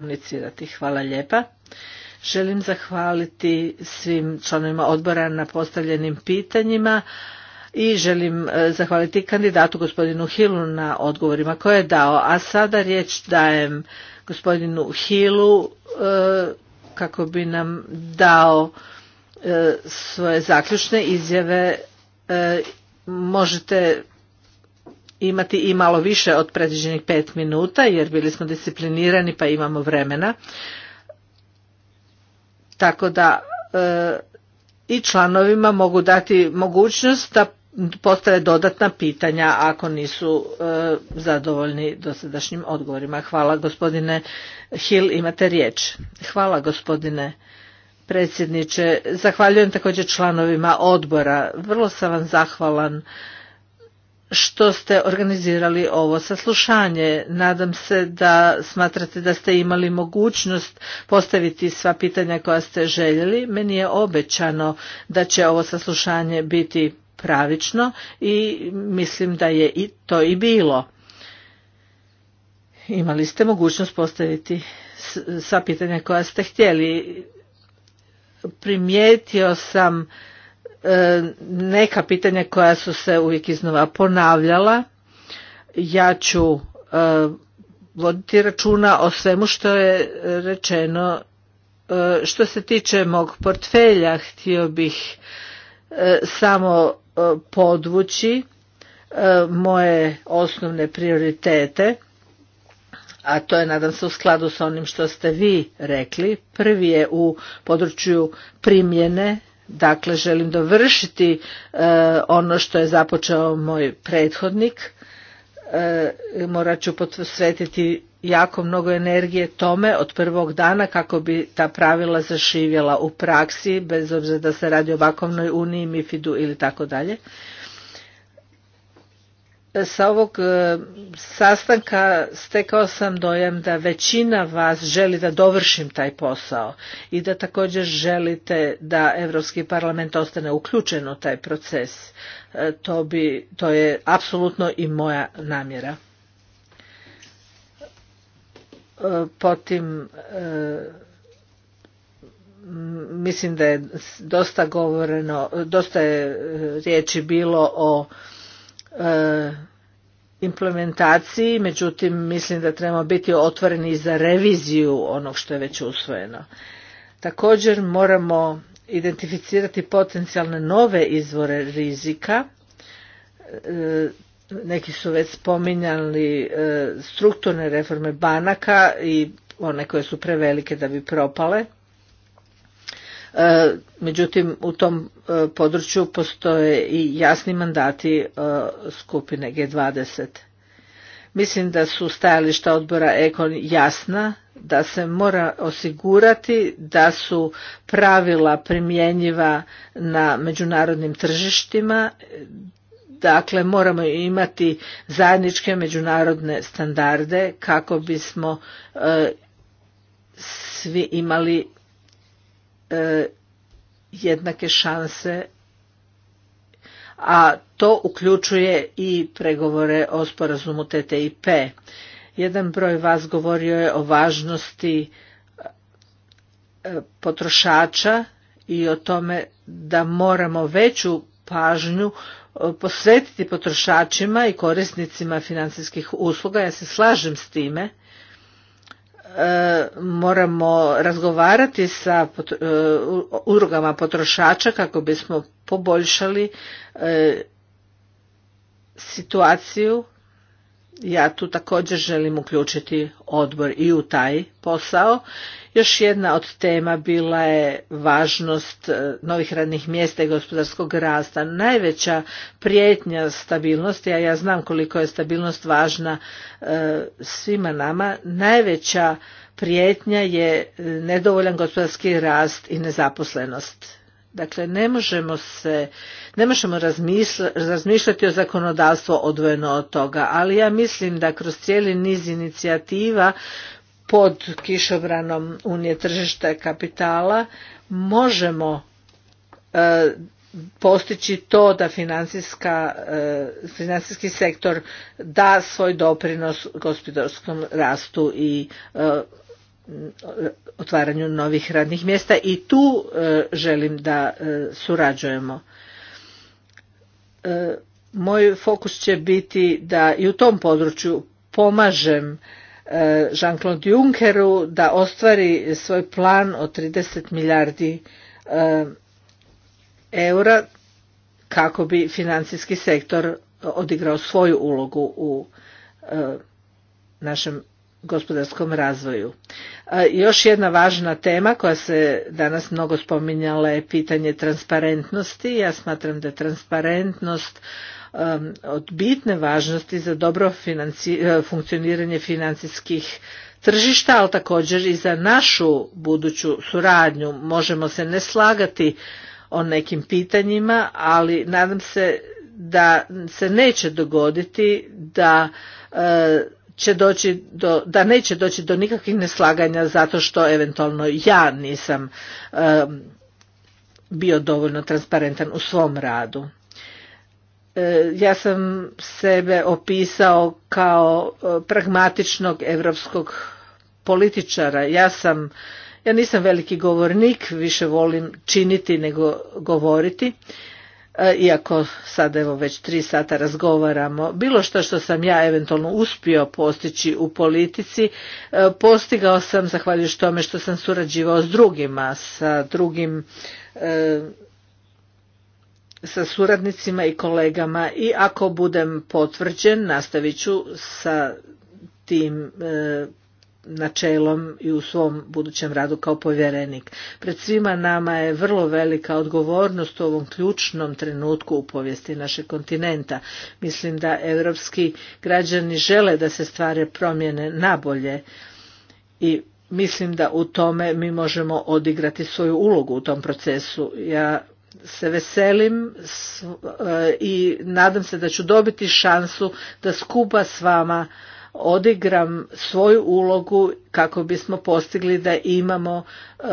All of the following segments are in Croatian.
komunicirati. Hvala lijepa. Želim zahvaliti svim članovima odbora na postavljenim pitanjima i želim e, zahvaliti kandidatu gospodinu Hilu na odgovorima koje je dao. A sada riječ dajem gospodinu Hilu e, kako bi nam dao e, svoje zaključne izjave. Možete imati i malo više od predviđenih pet minuta jer bili smo disciplinirani pa imamo vremena. Tako da e, i članovima mogu dati mogućnost da postave dodatna pitanja ako nisu e, zadovoljni dosadašnjim odgovorima. Hvala gospodine Hill, imate riječ. Hvala gospodine predsjedniče. Zahvaljujem također članovima odbora. Vrlo sam vam zahvalan što ste organizirali ovo saslušanje. Nadam se da smatrate da ste imali mogućnost postaviti sva pitanja koja ste željeli. Meni je obećano da će ovo saslušanje biti pravično i mislim da je i to i bilo. Imali ste mogućnost postaviti sva pitanja koja ste htjeli. Primijetio sam E, neka pitanja koja su se uvijek iznova ponavljala. Ja ću e, voditi računa o svemu što je rečeno. E, što se tiče mog portfelja, htio bih samo podvući moje osnovne prioritete, a to je nadam se u skladu s onim što ste vi rekli. Prvi je u području primjene Dakle, želim dovršiti e, ono što je započeo moj prethodnik. E, morat ću posvetiti jako mnogo energije tome od prvog dana kako bi ta pravila zašivjela u praksi, bez obzira da se radi o bakovnoj uniji, MiFIDu ili tako dalje sa ovog e, sastanka stekao sam dojam da većina vas želi da dovršim taj posao i da također želite da Europski parlament ostane uključen u taj proces. E, to, bi, to je apsolutno i moja namjera. E, potim mislim da je dosta govoreno, dosta je riječi bilo o E, implementaciji, međutim mislim da trebamo biti otvoreni za reviziju onog što je već usvojeno. Također moramo identificirati potencijalne nove izvore rizika. E, neki su već spominjali e, strukturne reforme banaka i one koje su prevelike da bi propale. E, međutim u tom e, području postoje i jasni mandati e, skupine G20. Mislim da su stajališta odbora Ekon jasna, da se mora osigurati da su pravila primjenjiva na međunarodnim tržištima, dakle moramo imati zajedničke međunarodne standarde kako bismo svi imali E, jednake šanse a to uključuje i pregovore o sporazumu TTIP. Jedan broj vas govorio je o važnosti e, potrošača i o tome da moramo veću pažnju e, posvetiti potrošačima i korisnicima financijskih usluga. Ja se slažem s time moramo razgovarati sa e, udrugama potrošača kako bismo poboljšali e, situaciju ja tu također želim uključiti odbor i u taj posao. Još jedna od tema bila je važnost e, novih radnih mjesta i gospodarskog rasta. Najveća prijetnja stabilnosti, a ja znam koliko je stabilnost važna e, svima nama, najveća prijetnja je e, nedovoljan gospodarski rast i nezaposlenost. Dakle, ne možemo, se, ne možemo razmišljati o zakonodavstvu odvojeno od toga, ali ja mislim da kroz cijeli niz inicijativa pod kišobranom Unije tržišta kapitala možemo e, postići to da e, financijski sektor da svoj doprinos gospodarskom rastu i e, otvaranju novih radnih mjesta i tu e, želim da e, surađujemo. E, moj fokus će biti da i u tom području pomažem Jean-Claude Junckeru da ostvari svoj plan od 30 milijardi eura kako bi financijski sektor odigrao svoju ulogu u našem gospodarskom razvoju. Još jedna važna tema koja se danas mnogo spominjala je pitanje transparentnosti. Ja smatram da je transparentnost um, od bitne važnosti za dobro e, funkcioniranje financijskih tržišta, ali također i za našu buduću suradnju. Možemo se ne slagati o nekim pitanjima, ali nadam se da se neće dogoditi da e, će doći do, da neće doći do nikakvih neslaganja zato što eventualno ja nisam bio dovoljno transparentan u svom radu. E, ja sam sebe opisao kao e, pragmatičnog europskog političara. Ja sam ja nisam veliki govornik, više volim činiti nego govoriti. E, iako sad evo već tri sata razgovaramo, bilo što što sam ja eventualno uspio postići u politici, e, postigao sam zahvaljujući tome što sam surađivao s drugima, sa drugim e, sa suradnicima i kolegama i ako budem potvrđen nastavit ću sa tim načelom i u svom budućem radu kao povjerenik. Pred svima nama je vrlo velika odgovornost u ovom ključnom trenutku u povijesti našeg kontinenta. Mislim da europski građani žele da se stvari promjene nabolje i mislim da u tome mi možemo odigrati svoju ulogu u tom procesu. Ja se veselim e, i nadam se da ću dobiti šansu da skupa s vama odigram svoju ulogu kako bismo postigli da imamo e,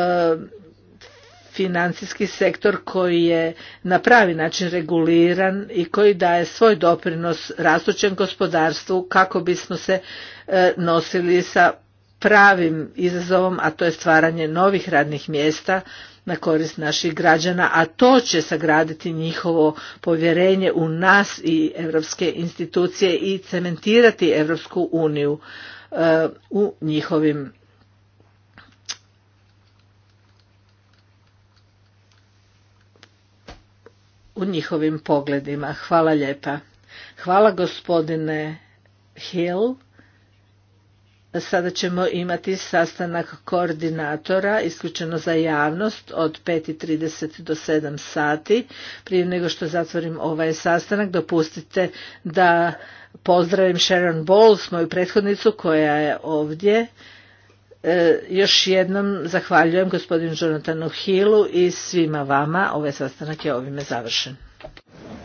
financijski sektor koji je na pravi način reguliran i koji daje svoj doprinos rastućem gospodarstvu kako bismo se e, nosili sa pravim izazovom, a to je stvaranje novih radnih mjesta na korist naših građana, a to će sagraditi njihovo povjerenje u nas i europske institucije i cementirati Europsku uniju eh, u njihovim u njihovim pogledima. Hvala lijepa. Hvala gospodine Hill. Sada ćemo imati sastanak koordinatora, isključeno za javnost, od 5.30 do 7 sati. Prije nego što zatvorim ovaj sastanak, dopustite da pozdravim Sharon Bowles, moju prethodnicu koja je ovdje. E, još jednom zahvaljujem gospodinu Jonathanu Hillu i svima vama. Ovaj sastanak je ovime završen.